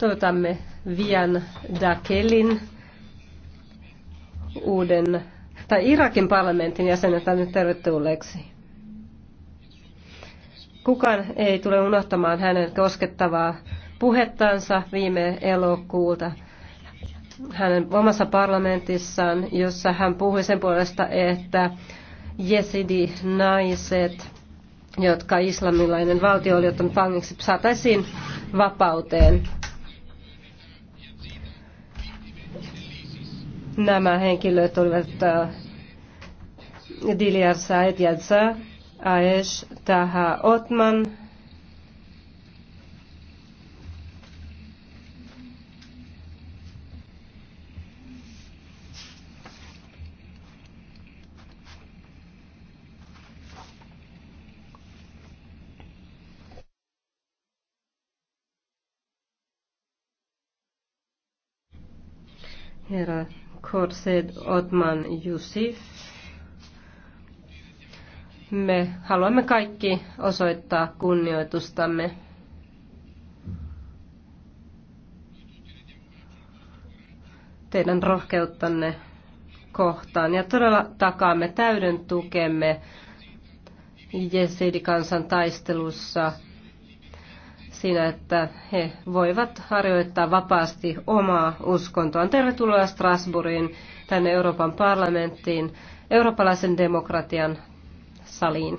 Toivotamme Vian Dakelin uuden, tai Irakin parlamentin jäsenet tänne tervetulleeksi. Kukaan ei tule unohtamaan hänen koskettavaa puhettansa viime elokuulta hänen omassa parlamentissaan, jossa hän puhui sen puolesta, että jesidi-naiset, jotka islamilainen valtio oli ottanut vangiksi, saataisiin vapauteen. Nämä henkilöt olivat äh, Dilyar Said Jadza, Aesh Taha Otman, herra Korsed Otman Yusif, Me haluamme kaikki osoittaa kunnioitustamme teidän rohkeuttanne kohtaan ja todella takaamme täyden tukemme jesidikansan taistelussa siinä, että he voivat harjoittaa vapaasti omaa uskontoaan. Tervetuloa Strasbourgiin, tänne Euroopan parlamenttiin, eurooppalaisen demokratian saliin.